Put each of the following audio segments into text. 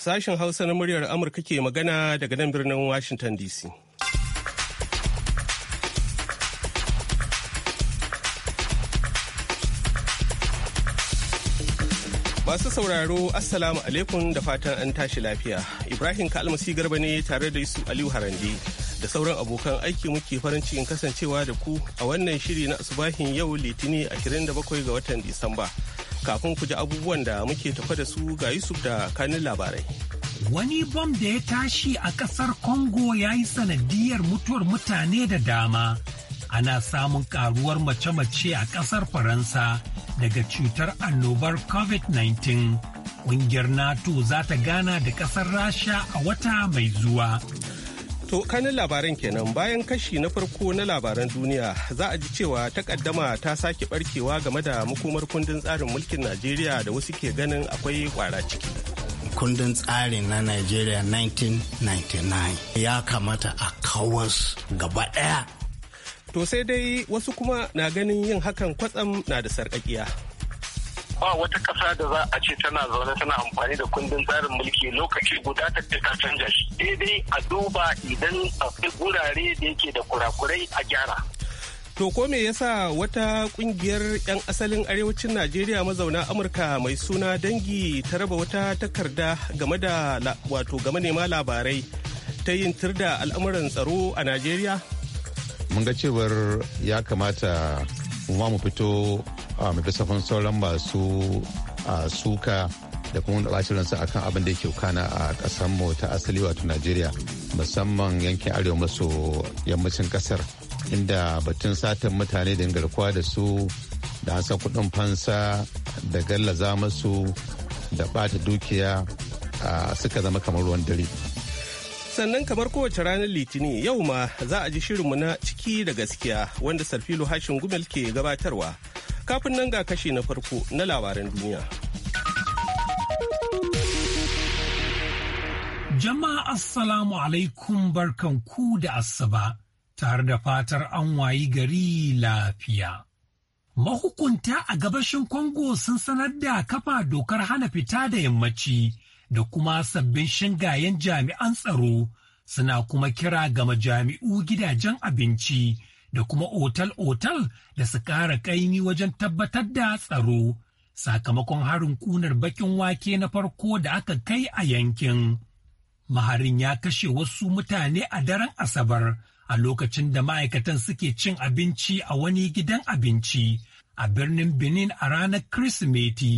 Sashen Hausa na muryar Amurka ke magana daga nan birnin Washington DC. Masu sauraro Assalamu alaikum da fatan an tashi lafiya. Ibrahim Kalmasi Garba ne tare da Yusuf Aliyu Harande da sauran abokan aiki muke farin cikin kasancewa da ku a wannan shiri na asubahin yau Litini 27 ga watan Disamba. kafin ku ji abubuwan da muke tafa da su ga Yusuf da kanin labarai. Wani bom da ya tashi a ƙasar Congo ya yi sanadiyar mutuwar mutane da dama. Ana samun karuwar mace-mace a ƙasar Faransa daga cutar annobar COVID-19. Ƙungiyar NATO za ta gana da ƙasar Rasha a wata mai zuwa. To kanin labaran kenan bayan kashi na farko na labaran duniya za a ji cewa takaddama ta sake barkewa game da makomar kundin tsarin mulkin Najeriya da wasu ke ganin akwai kwara ciki. Kundin tsarin na Najeriya 1999 ya kamata a kawas gaba ɗaya. To sai dai wasu kuma na ganin yin hakan kwatsam na da sarƙaƙiya. ba wata kasa da za a ce tana zaune tana amfani da kundin tsarin mulki lokaci guda ta ta canja shi daidai a duba idan akwai wurare da yake da kurakurai a gyara To ko me yasa wata kungiyar 'yan asalin arewacin Najeriya mazauna Amurka mai suna dangi ta raba wata takarda game da wato game nema labarai ta yin tirda al'amuran tsaro a Najeriya? Mun ga cewar ya kamata kuma mu fito ah, mu fi sauran masu ah, suka da kuma da bacin ransa akan abin da yake kana a kasar mu ta asali wato Najeriya musamman yankin arewa maso yammacin kasar inda batun satan mutane da garkuwa da su da an kuɗin fansa da gallaza masu da bata dukiya ah, suka zama kamar ruwan dare. sannan kamar kowace ranar litinin yau ma za a ji shirinmu na ciki da gaskiya wanda sarfilo hashin gumel ke gabatarwa kafin nan ga kashi na farko na labaran duniya jama'a assalamu alaikum barkan ku da Asaba! tare da fatar an wayi gari lafiya mahukunta a gabashin congo sun sanar da kafa dokar hana fita da yammaci da kuma sabbin shingayen jami'an tsaro suna kuma kira ga majami'u gidajen abinci da kuma otal-otal da su kara ƙaimi wajen tabbatar da tsaro sakamakon harin kunar bakin wake na farko da aka kai a yankin. Maharin ya kashe wasu mutane a daren Asabar a lokacin da ma'aikatan suke cin abinci a wani gidan abinci a birnin Benin a ranar Kirsimeti.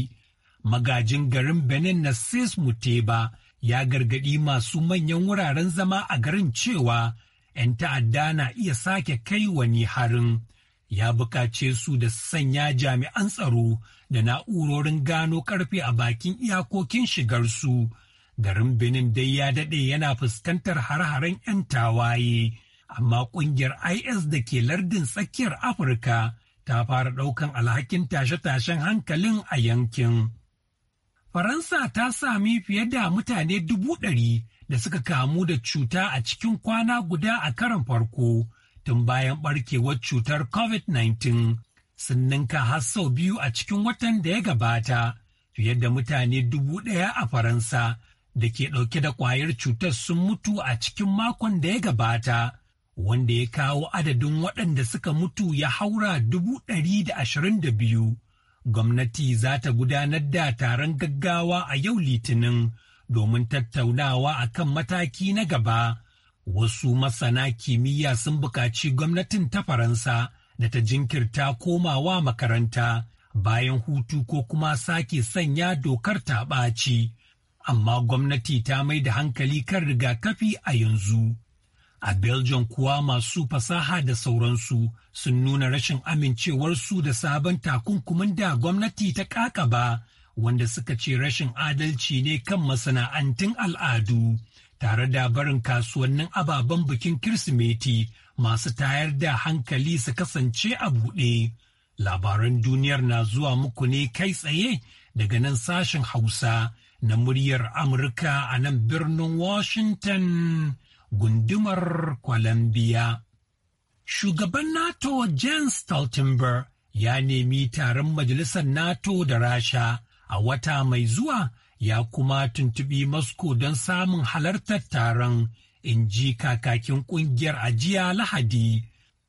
magajin garin Benin na Sis Muteba ya gargaɗi masu manyan wuraren zama a garin cewa 'yan ta'adda na iya sake kai wani harin. Ya bukace su da sanya jami'an tsaro da na'urorin gano karfe a bakin iyakokin shigarsu. Garin Benin dai ya daɗe yana fuskantar har-haren 'yan tawaye, amma ƙungiyar IS da ke lardin tsakiyar Afirka ta fara ɗaukan alhakin tashe-tashen hankalin a yankin. Faransa ta sami fiye da mutane dubu ɗari da suka kamu da cuta a cikin kwana guda a karon farko tun bayan ɓarkewar cutar COVID-19 sun ninka har sau biyu a cikin watan da ya gabata fiye da mutane dubu ɗaya a Faransa da ke ɗauke da ƙwayar cutar sun mutu a cikin makon da ya gabata wanda ya kawo adadin waɗanda suka mutu ya haura dubu ɗari da ashirin da biyu. gwamnati za ta gudanar da taron gaggawa a yau litinin domin tattaunawa a kan mataki na gaba. Wasu masana kimiyya sun buƙaci gwamnatin ta Faransa da ta jinkirta komawa makaranta bayan hutu ko kuma sake sanya dokar ta ɓaci. Amma gwamnati ta mai da hankali kan rigakafi a yanzu A Belgium kuwa masu fasaha da sauransu sun nuna rashin amincewarsu da sabon takunkumin da gwamnati ta ƙaƙaba, wanda suka ce rashin adalci ne kan masana'antun al'adu tare da barin kasuwannin ababen bikin Kirsimeti masu tayar da hankali su kasance a buɗe. Labaran duniyar na zuwa muku ne kai tsaye daga nan sashen Hausa na muryar Amurka a nan birnin Washington. gundumar Colombia. Shugaban NATO Jens Stoltenberg ya nemi taron Majalisar NATO da Rasha a wata mai zuwa ya kuma tuntubi Moscow don samun halartar taron in ji kakakin ƙungiyar ajiya Lahadi.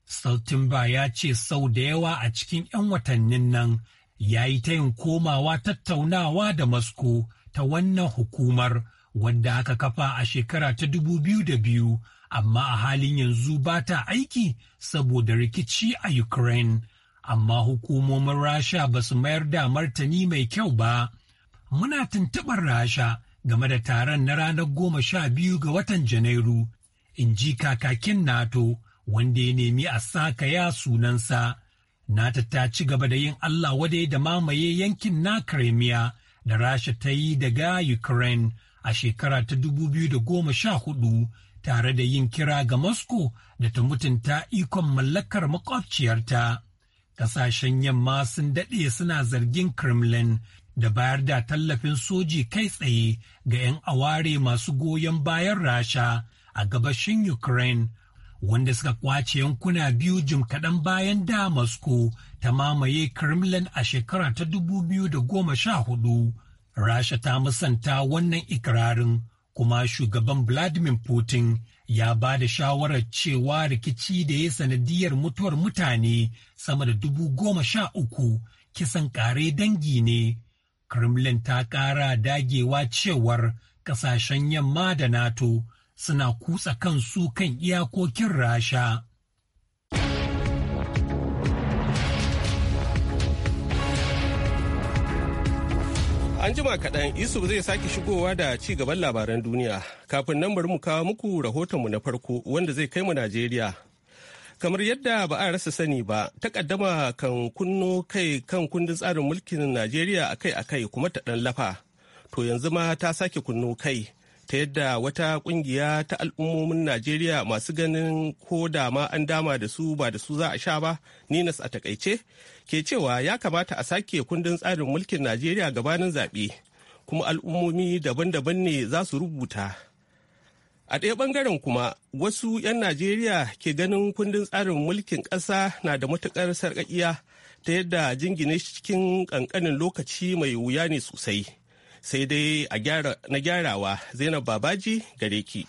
Stoltenberg ya ce sau da yawa a cikin 'yan watannin nan ya yi ta yin komawa tattaunawa da Moscow ta wannan hukumar wanda aka kafa a shekara ta dubu biyu da biyu, amma a halin yanzu ba ta aiki saboda rikici a Ukraine. Amma hukumomin Rasha ba su mayar da martani mai kyau ba. Muna tuntuɓar Rasha game da taron na ranar goma sha biyu ga watan Janairu, in ji kakakin NATO wanda ya nemi a saka ya sunansa. NATO ta ci gaba da yin Allah wadai da mamaye yankin na Crimea da Rasha ta yi daga Ukraine. a shekara ta 2014 tare da yin kira ga Moscow da ta mutunta ikon mallakar makwabciyarta. kasashen yamma sun daɗe suna zargin Kremlin da bayar da tallafin soji kai tsaye ga 'yan aware masu goyon bayan Rasha a gabashin Ukraine, wanda suka kwace yankuna biyu jim kaɗan bayan da Moscow ta mamaye Kremlin a shekara ta 2014. Rasha ta musanta wannan ikirarin kuma shugaban Vladimir Putin ya ba da shawarar cewa rikici da ya sanadiyar mutuwar mutane sama da dubu goma sha uku kisan kare dangi ne. Kremlin ta kara dagewa cewar kasashen yamma da NATO suna kutsa kansu kan iyakokin Rasha. An jima kaɗan Yusuf zai sake shigowa da ci gaban labaran duniya. Kafin nan bari mu kawo muku mu na farko wanda zai kai mu Najeriya. Kamar yadda ba a rasa sani ba, takaddama kan kunno kai kan kundin tsarin mulkin Najeriya akai-akai kuma ta ɗan lafa. To yanzu ma ta sake kunno kai. ta yadda wata kungiya ta al'ummomin najeriya masu ganin ko da ma an dama da su ba da su za a sha ba ninas a takaice ke cewa ya kamata a sake kundin tsarin mulkin najeriya gabanin zaɓe kuma al'ummomi daban-daban ne za su rubuta a ɗaya ɓangaren kuma wasu 'yan najeriya ke ganin kundin tsarin mulkin ƙasa na da matuƙar sarƙaƙiya ta yadda jingine cikin ƙanƙanin lokaci mai wuya ne sosai. sai dai na gyarawa zainab babaji gare ki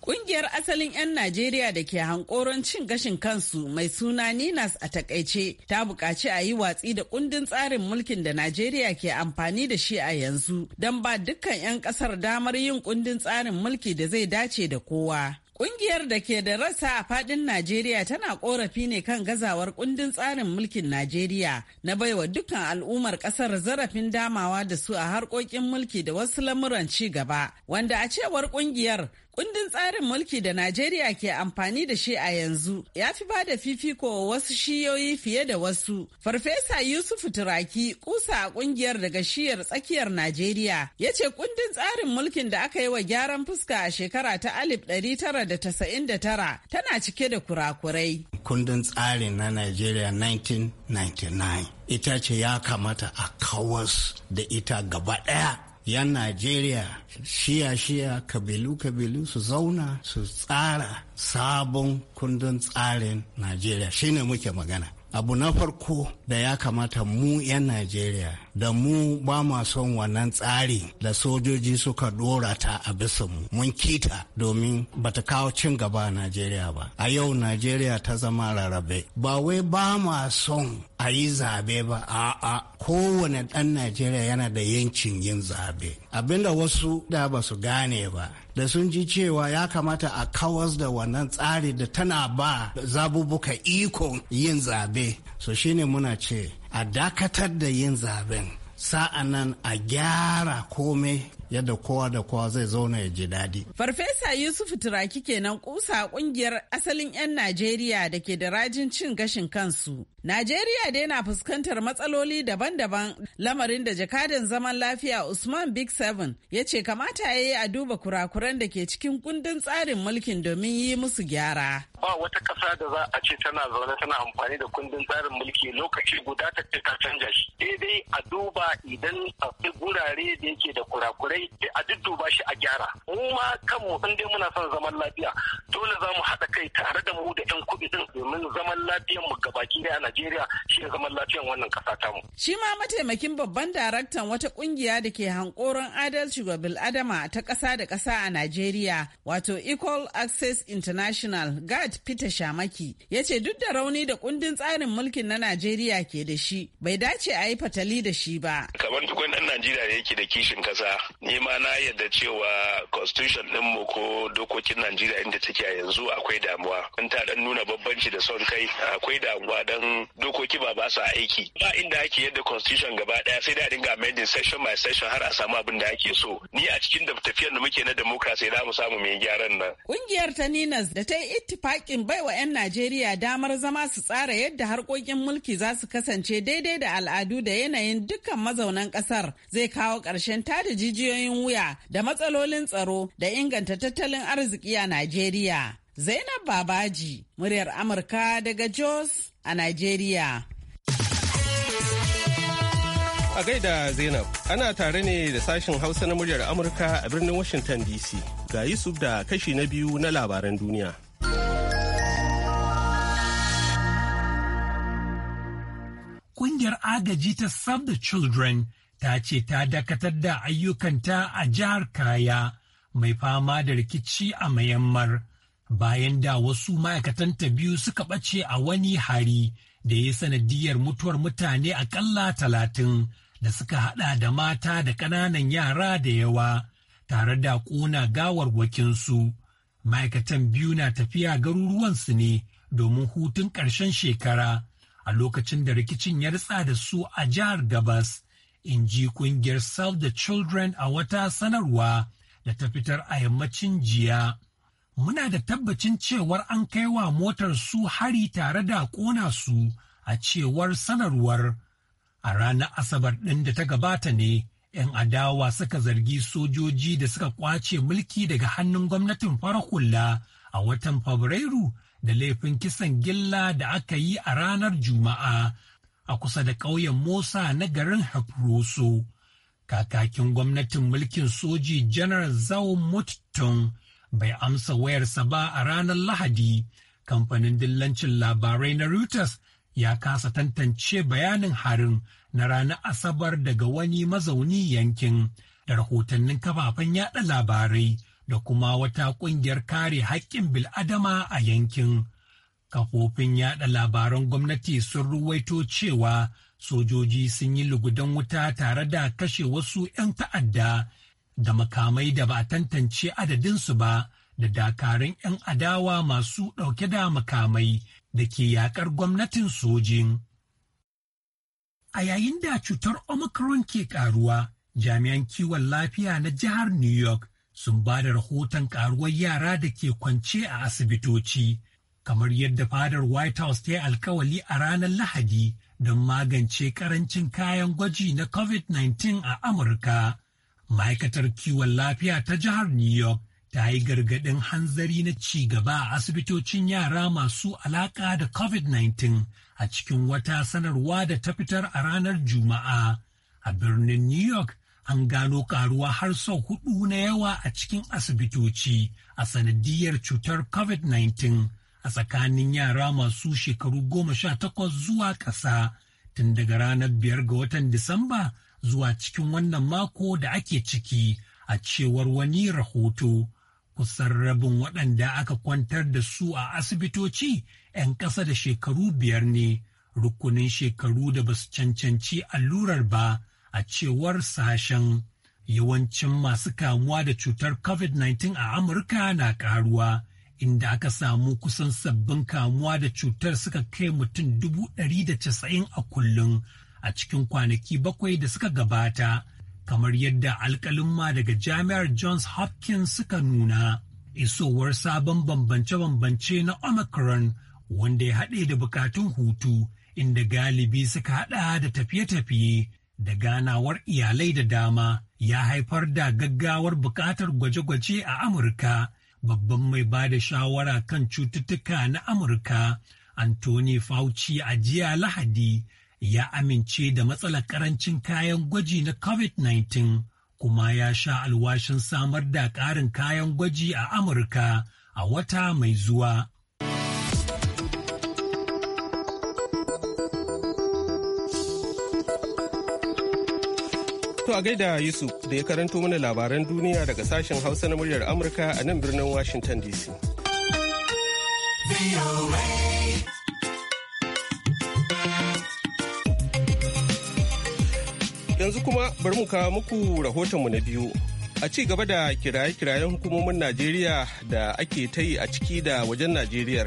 Ƙungiyar asalin 'yan Najeriya da ke hankoron cin gashin kansu mai suna Ninas a takaice ta buƙaci a yi watsi da kundin tsarin mulkin da Najeriya ke amfani da shi a yanzu don ba dukkan 'yan ƙasar damar yin kundin tsarin mulki da zai dace da kowa. Ƙungiyar da ke da rasa a fadin Najeriya tana korafi ne kan gazawar kundin tsarin mulkin Najeriya na baiwa dukkan al'ummar ƙasar zarafin damawa da su a harkokin mulki da wasu lamuran ci gaba, wanda a cewar ƙungiyar. Kundin tsarin mulki da Najeriya ke amfani da shi a yanzu ya fi ba da fifiko wasu shiyoyi fiye da wasu. Farfesa Yusuf Turaki kusa a kungiyar daga shiyar tsakiyar Najeriya ya ce kundin tsarin mulkin da aka yi wa gyaran fuska a shekara ta 1999 tana cike da kurakurai. Kundin tsarin na Najeriya 1999 ita ce ya kamata a kawas da ita gaba ɗaya 'yan Najeriya shiya-shiya kabilu-kabilu su zauna su tsara sabon kundin tsarin Najeriya shine muke magana. Abu na farko da ya kamata mu 'yan Najeriya da mu ba ma son wannan tsari da sojoji suka dora ta a bisa mu mun kita domin bata kawo cin gaba a najeriya ba a yau najeriya ta zama rarrabe ba wai ba ma son a yi zabe ba a'a kowane dan najeriya yana da yancin yin zabe abinda wasu da ba su gane ba da sun ji cewa ya kamata a kawas da wannan tsari da tana ba zabubuka ikon yin zabe so shine muna ce a dakatar da yin zaben nan a gyara komai yadda kowa da kowa zai zauna ya ji daɗi. Farfesa Yusuf Turaki kenan kusa kungiyar asalin 'yan Najeriya da ke da rajin cin gashin kansu Najeriya dai na fuskantar matsaloli daban-daban lamarin da jakadan zaman lafiya Usman Big Seven ya ce kamata ya yi a duba kurakuran da ke cikin kundin tsarin mulkin domin yi musu gyara. Ba wata kasa da za a ce tana zaune tana amfani da kundin tsarin mulki lokaci guda ta ce ta canja shi. Daidai a duba idan akwai gurare da yake da kurakurai a dudduba shi a gyara. Mu ma kanmu in dai muna son zaman lafiya dole za mu haɗa kai tare da mu da 'yan kuɗi din domin zaman lafiyan mu gabaki ɗaya Najeriya shi ya zama lafiyan wannan kasa tamu. Shi ma mataimakin babban daraktan wata kungiya da ke hankoron adalci ga bil'adama ta ƙasa da ƙasa a Najeriya wato Equal Access International Gad Peter Shamaki ya ce duk da rauni da kundin tsarin mulkin na Najeriya ke da shi bai dace a yi fatali da shi ba. Kamar duk wani ɗan Najeriya da yake da kishin kasa ni ma na yadda cewa constitution ɗinmu ko dokokin Najeriya inda take a yanzu akwai damuwa. Kun ta ɗan nuna babbanci da son kai akwai damuwa dan dokoki ba ba su aiki ba inda ake yadda constitution gaba ɗaya sai da dinga amending section by section har a samu abin da ake so ni a cikin da tafiyar da muke na democracy za mu samu mai gyaran nan kungiyar ta ninas da ta yi ittifakin wa 'yan najeriya damar zama su tsara yadda harkokin mulki za su kasance daidai da al'adu da yanayin dukkan mazaunan kasar zai kawo ƙarshen tada jijiyoyin wuya da matsalolin tsaro da inganta tattalin arziki a najeriya Zainab Babaji, muryar Amurka daga Jos a Najeriya. A gaida Zainab, ana tare ne da sashen Hausa na muryar Amurka a birnin Washington DC. Ga Yusuf da kashi na biyu na labaran duniya. Kungiyar agaji ta Save the Children ta ce ta dakatar da ayyukanta a jihar Kaya mai fama da rikici a Myanmar bayan da wasu ma'aikatan ta biyu suka ɓace a wani hari da ya sanadiyar mutuwar mutane akalla talatin da suka haɗa da mata da ƙananan yara da yawa tare da ƙona wakinsu, Ma'aikatan biyu na tafiya garuruwansu ne domin hutun ƙarshen shekara a lokacin da rikicin ya ritsa da su a jihar Gabas, in ji ƙungiyar Save the Children a wata sanarwa da ta fitar a yammacin jiya. muna da tabbacin cewar an kai wa motar su hari tare da ƙona su a cewar sanarwar. A ranar Asabar ɗin da ta gabata ne, ‘yan adawa suka zargi sojoji da suka ƙwace mulki daga hannun gwamnatin farar hula a watan Fabrairu da laifin kisan gilla da aka yi a ranar Juma'a a kusa da ƙauyen mosa na garin Haproso. Kakakin gwamnatin mulkin soji Janar Zau Muttun bai amsa wayarsa ba a ranar Lahadi. Kamfanin dillancin labarai na Reuters ya kasa tantance bayanin harin na ranar Asabar daga wani mazauni yankin da rahotannin kafafen yada labarai da kuma wata ƙungiyar kare haƙƙin bil'adama a yankin. Kafofin yada labaran gwamnati sun ruwaito cewa sojoji sun yi lugudan wuta tare da kashe wasu 'yan ta'adda da makamai da ba a tantance adadinsu ba da dakarun 'yan adawa masu ɗauke da makamai da ke yakar gwamnatin sojin. A yayin da cutar Omicron ke karuwa, jami'an kiwon lafiya na jihar New York sun ba da rahoton karuwar yara da ke kwance a asibitoci, kamar yadda fadar White House ta yi alkawali a ranar Lahadi don magance karancin kayan gwaji na COVID-19 a Amurka. ma'aikatar kiwon lafiya ta jihar New York ta yi gargaɗin hanzari na cigaba a asibitocin yara masu alaƙa da COVID-19 a cikin wata sanarwa da ta fitar a ranar Juma'a. A birnin New York an gano ƙaruwa har sau hudu na yawa a cikin asibitoci a sanadiyar cutar COVID-19 a tsakanin yara masu shekaru goma sha takwas zuwa ƙasa tun daga ranar biyar ga watan Disamba zuwa cikin wannan mako da ake ciki a cewar wani rahoto. Kusan rabin waɗanda aka kwantar da su a asibitoci 'yan ƙasa da shekaru biyar ne, rukunin shekaru da ba su cancanci allurar ba a cewar sashen. Yawancin masu kamuwa da cutar COVID-19 a Amurka na ƙaruwa. inda aka samu kusan sabbin kamuwa da cutar suka kai mutum dubu ɗari da casa'in a kullum a cikin kwanaki bakwai da suka gabata kamar yadda alkalumma daga jami'ar Johns Hopkins suka nuna isowar sabon bambance-bambance na Omicron wanda ya haɗe da bukatun hutu inda galibi suka haɗa da tafiye-tafiye da ganawar iyalai da dama ya haifar da gaggawar bukatar gwaje-gwaje a Amurka babban mai ba da shawara kan cututtuka na Amurka Anthony Fauci a jiya Lahadi ya amince da matsalar karancin kayan gwaji na COVID-19 kuma ya sha alwashin samar da ƙarin kayan gwaji a Amurka a wata mai zuwa. To a gaida Yusuf da ya karanto mana labaran duniya daga sashen Hausa na muryar Amurka a nan birnin Washington DC. Yanzu kuma bari mu kawo muku rahotonmu na biyu. A ci gaba da kiraye-kirayen hukumomin Najeriya da ake ta yi a ciki da wajen Najeriyar.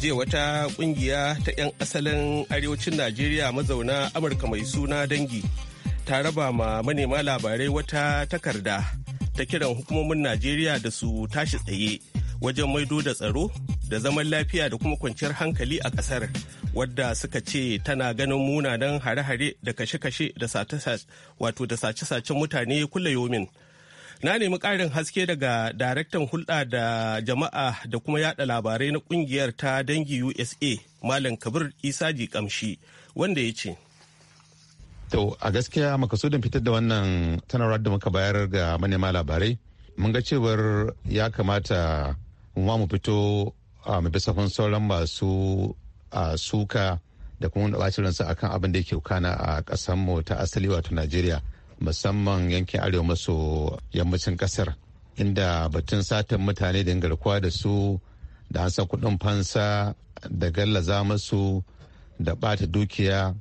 jiya wata kungiya ta 'yan asalin arewacin Najeriya mazauna Amurka mai suna dangi ta raba ma manema labarai wata takarda ta kiran hukumomin Najeriya da su tashi tsaye wajen maido da tsaro da zaman lafiya da kuma kwanciyar hankali a kasar. wadda suka ce tana ganin munanan hare-hare da kashe-kashe da sace-sacen mutane kulle yomin. Na nemi ƙarin haske daga daraktan hulɗa da jama'a da kuma yada labarai na ƙungiyar ta dangi USA, Malam Kabir Isaji Kamshi, wanda ya ce. To, a gaskiya makasudin fitar da wannan sanarwar da muka bayar ga manema labarai, mun ga cewar ya kamata mu fito a mafisafin sauran masu suka da kuma wanda ɓacin ransa akan abin da yake kana a ƙasarmu ta asali wato najeriya musamman yankin arewa maso yammacin ƙasar inda batun satan mutane da garkuwa da su da an san kuɗin fansa da gallaza masu da ɓata dukiya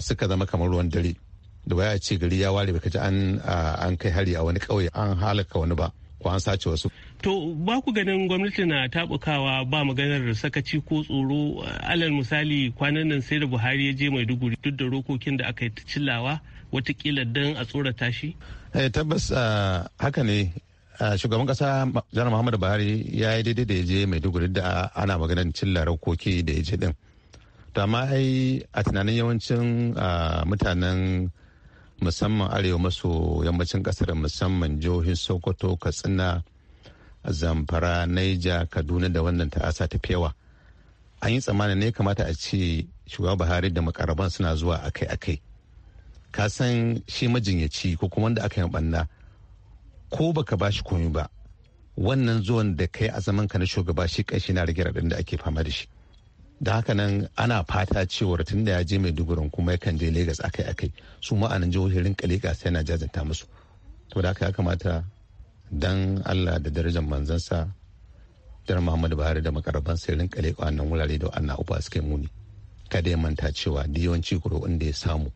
suka zama kamar ruwan dare da waya ce gari ya ware baka ji an kai hari a wani ƙauye an halaka wani ba ko an sace wasu To ba ku ganin gwamnati na tabukawa ba maganar sakaci ko tsoro alal misali kwanan nan sai da Buhari ya je Maiduguri duk da rokokin da aka yi cillawa watakila don a tsorata shi? Eh, tabbas ah, haka ne ah, shugaban kasa janar muhammadu buhari ya yi daidai da ya je duguri da ana maganar cilla rokoki da ya je din to amma ai a tunanin yawancin ah, mutanen musamman arewa maso yammacin kasar musamman jihohin sokoto katsina zamfara naija kaduna da wannan ta'asa ta fewa an yi tsammanin ne kamata a ce shugaba buhari da makaraban suna zuwa akai akai ka san shi majinyaci ko kuma wanda aka yi banna ko baka ba shi komi ba wannan zuwan da kai a zaman ka na shugaba shi kai shi na rage raɗin da ake fama da shi da haka nan ana fata cewa tun da ya je mai maiduguri kuma yakan je legas akai akai su ma'anin jihohin kalika legas yana jajanta musu to da haka ya kamata don allah da darajar manzansa jar muhammadu buhari da makaraban sai rinka leƙa wurare da wannan uba suka muni kada ya manta cewa da yawanci kuri'un da ya samu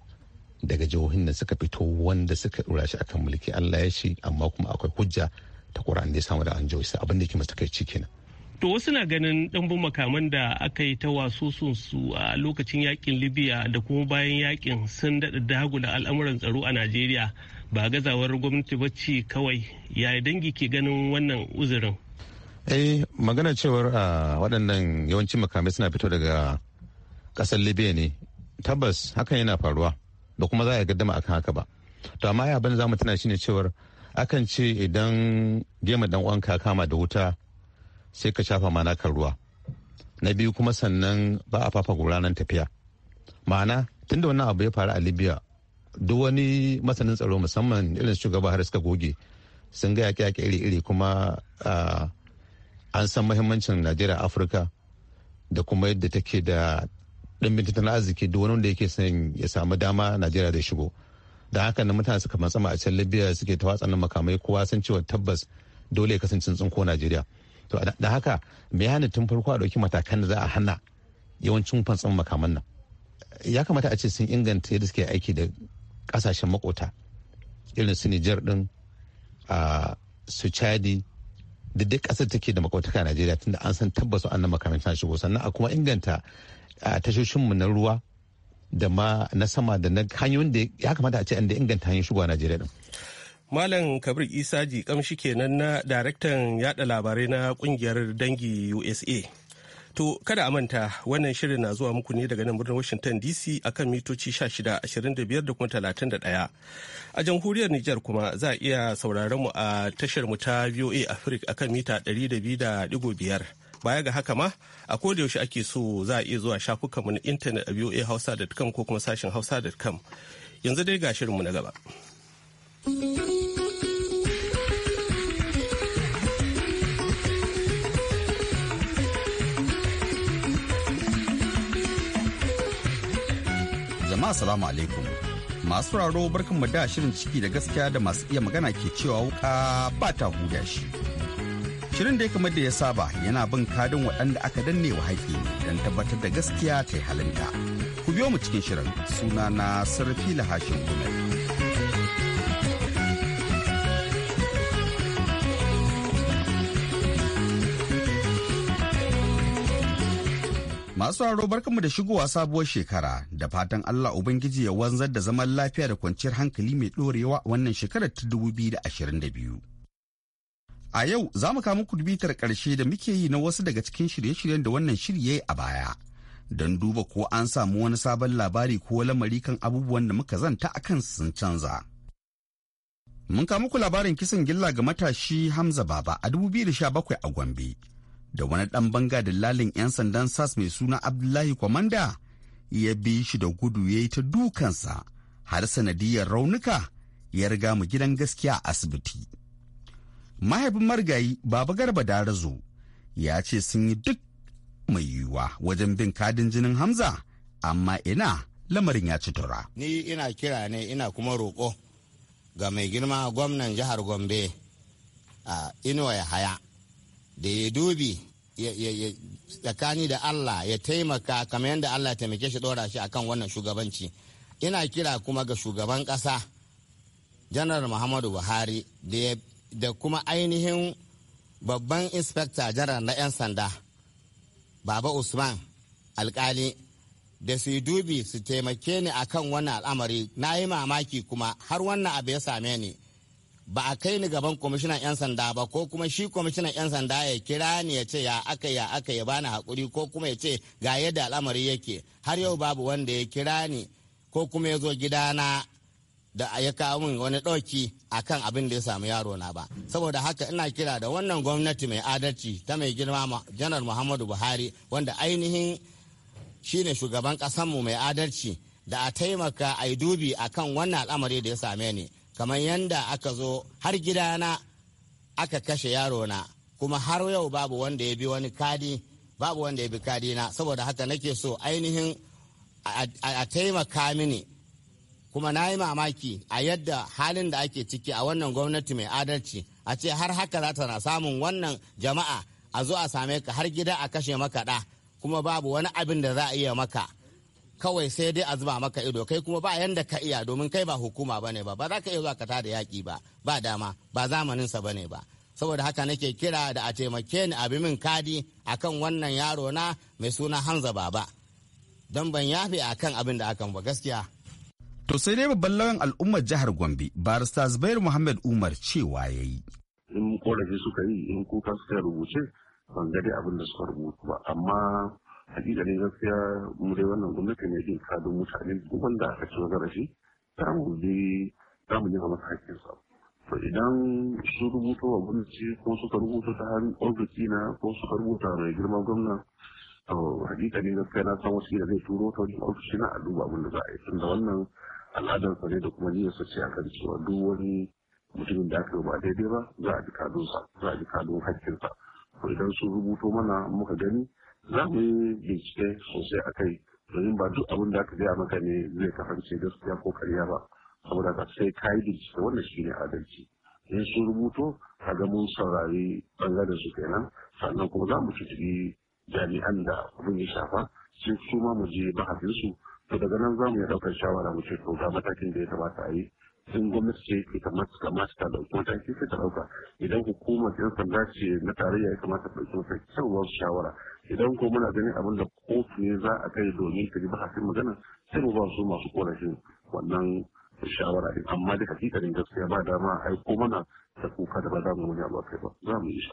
daga jihohin da suka fito wanda suka dora shi akan mulki allah ya shi amma kuma akwai hujja ta kuri'an da ya samu da an jihohi abin da yake masu kai kenan To wasu na ganin dambun makaman da aka yi ta wasu su a lokacin yakin Libya da kuma bayan yakin sun daɗa dagula al'amuran tsaro a Najeriya. ba gazawar gwamnati ba ce kawai yaya dangi ke ganin wannan uzurin eh magana cewar a ah, waɗannan yawancin makamai suna fito daga ƙasar libya ne tabbas hakan yana faruwa da kuma za a gaddama akan haka ba to amma ya bani za mu tana shine cewar akan ce idan gema dan uwanka kama da wuta sai ka shafa mana kan ruwa na biyu kuma sannan ba a fafa gura nan tafiya ma'ana tunda wannan abu ya faru a libya duk wani masanin tsaro musamman irin shugaba har suka goge sun ga yaƙe-yaƙe iri-iri kuma an san mahimmancin najeriya afirka da kuma yadda take da ɗimbin tattalin arziki duk wani da yake son ya samu dama najeriya da shigo da haka na mutane suka matsama a can libya suke ta watsa makamai kowa san cewa tabbas dole ya kasance tsinko najeriya to da haka me hana tun farko a ɗauki matakan da za a hana yawancin fansan makaman nan ya kamata a ce sun inganta yadda suke aiki da kasashen makota irin su Nijar din a su Chadi da duk kasar take da a Najeriya tunda an san tabbas an makarantar shigo sannan a kuma inganta tashoshinmu na ruwa da ma na sama da na hanyoyin da ya kamata a ce an da inganta hanyoyin shigo a Najeriya din. Malam Kabir Isa Ji kamshi kenan na daraktan yada labarai na kungiyar dangi USA. To kada a manta wannan shirin na zuwa muku ne daga nan birnin Washington DC akan mitoci 16, da kuma 31. A jamhuriyar Nijar kuma za a iya sauraron mu a tashar mu ta VOA Africa akan mita 200.5. Baya ga haka ma a koda yaushe ake so za a iya zuwa shafukan mu na intanet a voahausa.com ko kuma sashin hausa.com. Yanzu dai ga shirin mu na gaba. jama'a salamu alaikum masu raro barkan mu da shirin ciki da gaskiya da masu iya magana ke cewa wuka ba ta huda shi shirin da ya kamar da ya saba yana bin kadin waɗanda aka danne wa haƙi don tabbatar da gaskiya ta yi halinta ku biyo mu cikin shirin suna na sarfi lahashin gumel Masu raro barkanmu da shigowa sabuwar shekara da fatan Allah Ubangiji ya wanzar da zaman lafiya da kwanciyar hankali mai ɗorewa wannan shekarar ta 2022. A yau za mu kawo kudubitar ƙarshe da muke yi na wasu daga cikin shirye-shiryen da wannan shirye a baya. Don duba ko an samu wani sabon labari ko lamari kan abubuwan da muka zanta a kan sun canza. Mun kawo ku labarin kisan gilla ga matashi Hamza Baba a 2017 a Gombe. da wani ɗan banga da lalin 'yan sandan sas mai suna abdullahi kwamanda ya bi shi da gudu ya yi ta dukansa har sanadiyar raunuka ya riga mu gidan gaskiya a asibiti mahaifin marigayi baba garba darazo ya ce sun yi duk mai yiwuwa wajen bin kadin jinin hamza amma ina lamarin ya ci tura ni ina kira ne ina kuma roƙo ga mai girma gwamnan jihar gombe a inuwa ya haya da ya dubi tsakani da Allah ya taimaka kamar yadda Allah ya taimake shi ɗora shi akan wannan shugabanci ina kira kuma ga shugaban ƙasa janar muhammadu buhari da kuma ainihin babban inspector janar na 'yan sanda baba usman alkali da su dubi su taimake ni akan wannan al'amari na yi mamaki kuma har wannan abu ya same ni ba a kai ni gaban kwamishinan 'yan sanda ba ko kuma shi kwamishinan 'yan sanda ya kira ni ya ce ya aka ya aka ya bani hakuri ko kuma ya ce ga yadda al'amari yake har yau babu wanda ya kira ni ko kuma ya zo gidana da ya kawo min wani ɗauki a kan abin da ya samu yaro na ba saboda haka ina kira da wannan gwamnati mai adalci ta mai girma janar muhammadu buhari wanda ainihin shine shugaban ƙasanmu mai adalci da a taimaka a yi dubi a kan wannan al'amari da ya same ni kamar yadda aka zo har gidana aka kashe yaro na kuma har yau babu wanda ya bi wani kadi babu wanda ya bi kadina saboda haka nake so ainihin a taimaka mini kuma na yi mamaki a yadda halin da ake ciki a wannan gwamnati mai adalci a ce har haka za ta na samun wannan jama'a a zo a same ka har gida a kashe maka ɗa kuma babu wani abin da za a iya maka kawai sai dai a zuba maka ido kai kuma ba yanda ka iya domin kai ba hukuma bane ba ba za ka iya zuwa ka tada yaƙi ba ba dama ba zamanin sa bane ba saboda haka nake kira da a taimake ni a min kadi akan wannan yaro na mai suna Hamza baba don ban yafe akan abin da akan ba gaskiya to sai dai babban lauyan al'ummar jihar gombe barista zubair muhammad umar cewa yayi. in korafi suka yi in kuka suka rubuce ban ga abin da suka rubuta ba amma hakika ne gaskiya mu dai wannan gwamnati ne jin kadin mutane duk wanda aka ci zarafi ta mu bi ta mu nema masa hakkin sa to idan su rubuta wa gwamnati ko suka rubuta ta hannun ofisi na ko suka rubuta mai girma gwamna to hakika gaskiya na san wasu da zai turo ta wani ofishi na a duba abin da za a yi tunda wannan al'adar sa ne da kuma niyyar sa ce a kan cewa duk wani mutumin da aka yi ba daidai ba za a ji kadin sa za a ji kadin hakkin sa to idan sun rubuto mana muka gani za mu yi bincike sosai a kai domin ba duk abin da aka gaya maka ne zai kasance gaskiya ko karya ba saboda ka sai ka yi bincike wannan shi ne adalci in sun rubuto ga mun saurari bangaren su kenan sannan kuma za mu tuntuɓi jami'an da abin ya shafa sai su ma mu je bahasinsu to daga nan za mu yi ɗaukar shawara mu ce to ga matakin da ya kamata a yi in gwamnati ce ke kamata kamata ta ɗauki mataki ta ɗauka idan hukumar yan sanda ce na tarayya ya kamata ta ɗauki mataki kyauwar shawara idan ko muna ganin abin da kotu ne za a kai domin ta ji bahasin magana sai mu ba su masu korafin wannan shawara din amma da hakikarin gaskiya ba dama a ko mana ta kuka da ba za mu wani ba za mu yi shi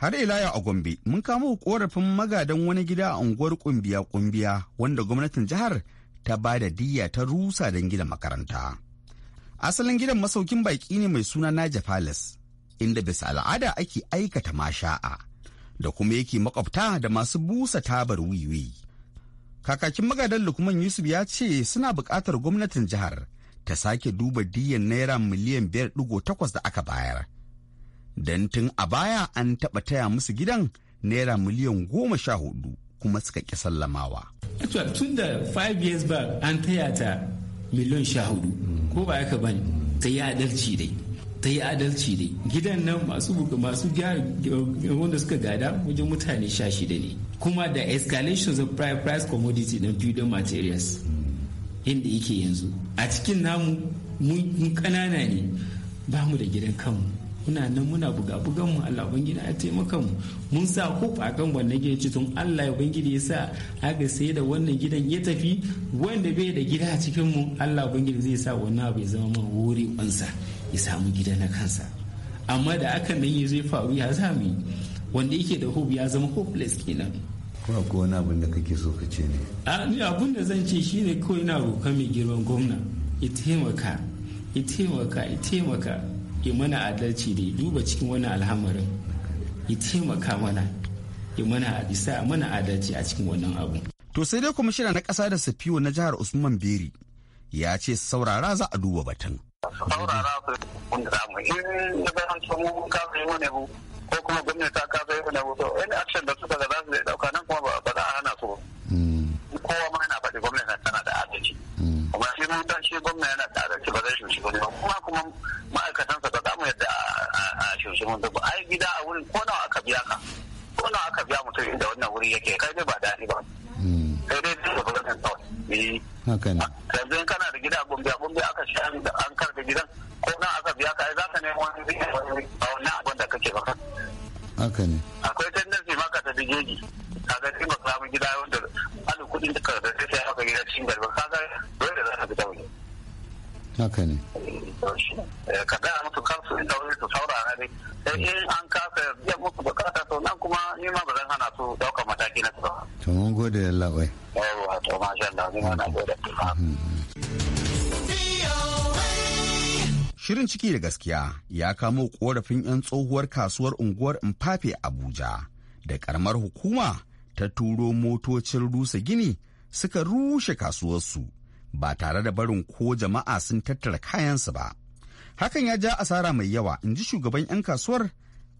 har ila yau a Gombe mun kamo korafin magadan wani gida a unguwar kumbiya kumbiya wanda gwamnatin jihar ta ba da diyya ta rusa don gina makaranta. Asalin gidan masaukin baƙi ne mai suna Naja Palace, inda bisa al'ada ake aikata masha'a da kuma yake makwabta da masu busa tabar wiwi. Kakakin magadan Lukman Yusuf ya ce suna buƙatar gwamnatin jihar ta sake duba diyan naira miliyan biyar takwas da aka bayar. Don tun a baya an taɓa taya musu gidan naira miliyan goma sha hudu. kuma suka ƙi sallamawa. tun da 5 years back an taya ta miliyan sha hudu ko ba yaka bane ta yi adalci dai ta yi adalci dai gidan nan masu masu wanda suka gada wajen mutane sha shida ne kuma da escalations of price commodity na building materials inda yake yanzu a cikin namu mun kanana ne ba mu da gidan kanmu muna nan muna buga bugan mu Allah ubangiji ya taimaka mu mun sa a kan wannan gidan tun Allah ubangiji ya sa aka sai da wannan gidan ya tafi wanda bai da gida a cikin mu Allah ubangiji zai sa wannan abu ya zama mana wuri wansa ya samu gida na kansa amma da aka nan ya zai faru ya zamu yi wanda yake da hope ya zama hopeless kenan kuma ko wani abin da kake so ka ce ne a ni abin da zan ce shine kawai na roƙa mai girman gwamna ya taimaka ya taimaka ya taimaka ya mana adalci da ya duba cikin wani alhamarin ya taimaka mana ya mana isa mana adalci a cikin wannan abu. To sai dai kwamishina na ƙasa da Safiyo na jihar Usman Beri ya ce saurara za a duba batun. Saurara su wanda za mu in da bayan samu kafin wani abu Shirin ciki da gaskiya ya kamo korafin 'yan tsohuwar kasuwar unguwar Mfafe Abuja da karamar hukuma ta turo motocin rusa gini suka rushe kasuwarsu ba tare da barin ko jama'a sun tattara kayansu ba. Hakan ya ja asara mai yawa in ji shugaban 'yan kasuwar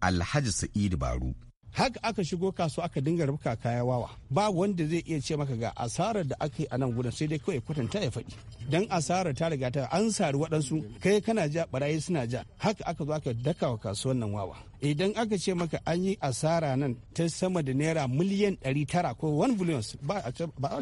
Alhaji Sa'idu Baru. haka aka shigo kasuwa aka dinga rubka kaya wawa ba wanda zai iya ce maka ga asarar da aka yi a nan gudun sai dai kawai kwatanta ya faɗi dan asarar ta riga ta an sari waɗansu kai kana ja barayi suna ja haka aka zo aka daka wa kasuwan nan wawa idan aka ce maka an yi asara nan ta sama da naira miliyan 900 ko 1 billion ba a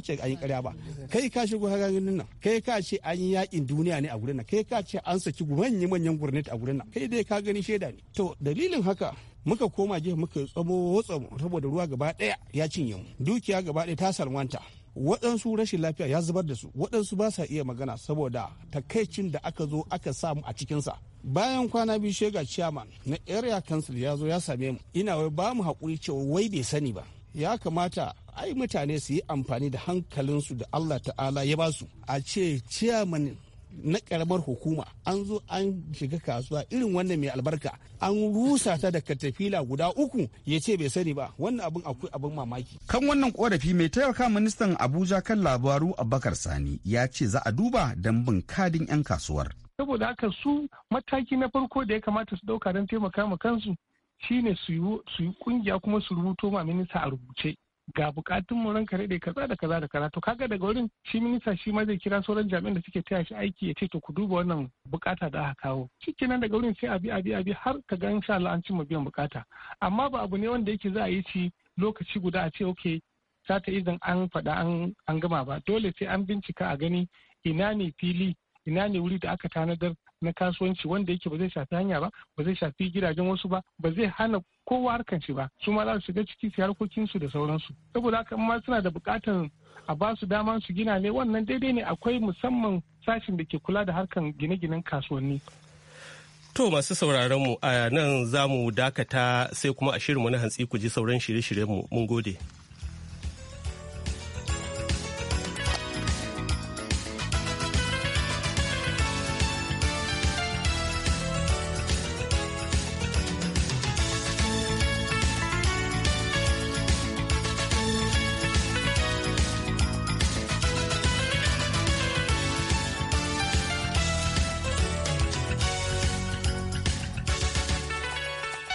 ce an yi karya ba kai ka shigo haganin nan kai ka ce an yi yakin duniya ne a gurin nan kai ka ce an saki manyan manyan gurnet a gurin nan kai dai ka gani shaida ne to dalilin haka muka koma gefe muka tsamo tsamo saboda ruwa gaba daya ya cinye mu dukiya gaba daya ta salwanta waɗansu rashin lafiya ya zubar da su waɗansu ba sa iya magana saboda takaicin da aka zo aka samu a cikinsa bayan kwana biyu shega chairman na area council ya zo ya same mu ina wai ba mu haƙuri cewa wai bai sani ba ya kamata ai mutane su yi amfani da hankalinsu da allah ta'ala ya ba su a ce chairman na karamar hukuma an zo an shiga kasuwa irin wannan mai albarka an rusa ta da katafila guda uku ya ce bai sani ba wannan abin akwai abin mamaki kan wannan korafi mai taimaka ministan abuja kan labaru abubakar sani ya ce za a duba don bin kadin 'yan kasuwar saboda haka su mataki na farko da ya kamata su dauka don taimaka ma kansu shine su yi kungiya kuma su rubuto ma minista a rubuce ga bukatun mu ranka daɗe kaza da kaza da kaza to kaga daga wurin shi minista shi ma zai kira sauran jami'an da suke taya shi aiki ya ce to ku duba wannan bukata da aka kawo nan daga wurin sai abi abi abi har ka ga insha Allah an cimma biyan bukata amma ba abu ne wanda yake za a yi shi lokaci guda a ce okay sata idan an faɗa an gama ba dole sai an bincika a gani ina ne fili ina ne wuri da aka tanadar na kasuwanci wanda yake ba zai shafi hanya ba ba zai shafi gidajen wasu ba ba zai hana kowa harkar shi ba su ma za su shiga ciki su harkokin su da sauransu saboda haka ma suna da buƙatar a ba su dama su gina ne wannan daidai ne akwai musamman sashin da ke kula da harkan gine-ginen kasuwanni To masu sauraron mu a nan za mu dakata sai kuma a shirinmu na hantsi ku ji sauran shirye-shiryenmu shiryen mun gode.